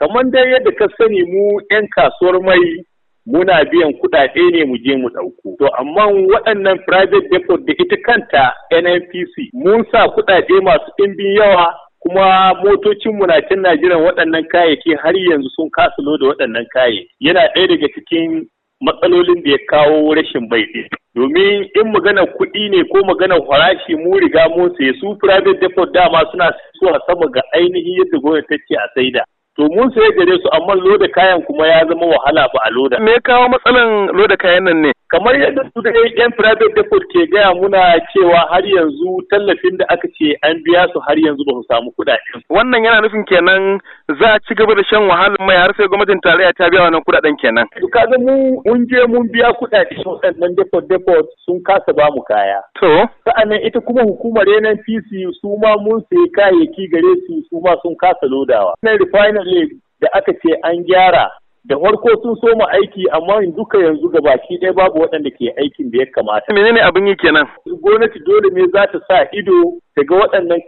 kamar dai yadda ka sani mu 'yan kasuwar mai muna biyan kuɗaɗe ne mu je mu ɗauko. To amma waɗannan private depot da ita kanta NNPC mun sa kuɗaɗe masu ɗimbin yawa kuma motocin mu na Najeriya waɗannan kayayyaki har yanzu sun kasa da waɗannan kayayyaki. Yana ɗaya daga cikin matsalolin da ya kawo rashin bai Domin in magana kuɗi ne ko magana farashi mu riga mun sai su private depot dama suna suwa sama ga ainihin yadda gwamnati ta ce a saida. to mun sai gare su amma loda kayan kuma ya zama wahala ba a loda. Me kawo matsalan loda kayan nan ne? kamar yadda su da yan private depot ke gaya muna cewa har yanzu tallafin da aka ce an biya su har yanzu ba su samu kuɗaɗen. wannan yana nufin kenan za a ci gaba da shan wahalar mai har sai gwamnatin tarayya ta biya wannan kuɗaɗen kenan. Duk kaza mu mun je mun biya kuɗaɗe waɗannan depot depot sun kasa ba mu kaya. to. sa'annan ita kuma hukumar nnpc su ma mun sayi kayayyaki gare su su ma sun kasa lodawa. na refinery da aka ce an gyara da farko sun soma aiki amma in duka yanzu ga baki ɗaya babu waɗanda ke aikin da ya kamata. Menene abin yi kenan? Gwamnati dole ne za ta sa ido daga waɗannan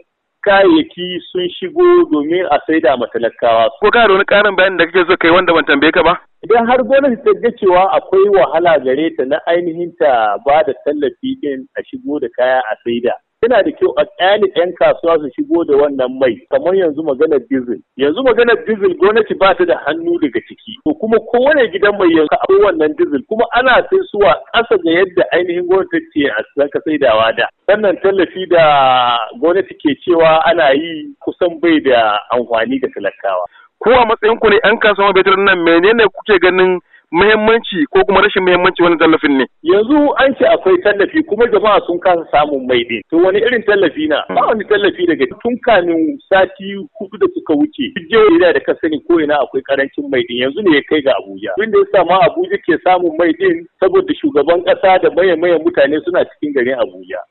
kayayyaki sun shigo domin a saida ma talakawa. Ko ka da wani ƙarin bayani da kake so kai wanda ban tambaye ka ba? Idan har gwamnati ta ga cewa akwai wahala gare ta na ainihin ta ba da tallafi din a shigo da kaya a saida. yana da kyau a ƙyale 'yan kasuwa su shigo da wannan mai kamar yanzu maganar dizil yanzu maganar dizil gwamnati ba ta da hannu daga ciki to kuma kowane gidan mai yanzu a wannan dizil kuma ana sai suwa ƙasa da yadda ainihin gwamnati ce a ka saidawa da sannan tallafi da gwamnati ke cewa ana yi kusan bai da amfani da talakawa ko a matsayin ku ne 'yan kasuwa betar nan menene kuke ganin muhimmanci ko kuma rashin muhimmanci wani tallafin ne yanzu an ce akwai tallafi kuma jama'a sun kasa samun mai ne. to wani irin tallafi na ba wani tallafi daga tun kamin sati hudu da suka wuce duk jihohi da ka sani ko ina akwai karancin mai din yanzu ne ya kai ga Abuja tun da yasa ma Abuja ke samun mai din saboda shugaban kasa da maye maye mutane suna cikin garin Abuja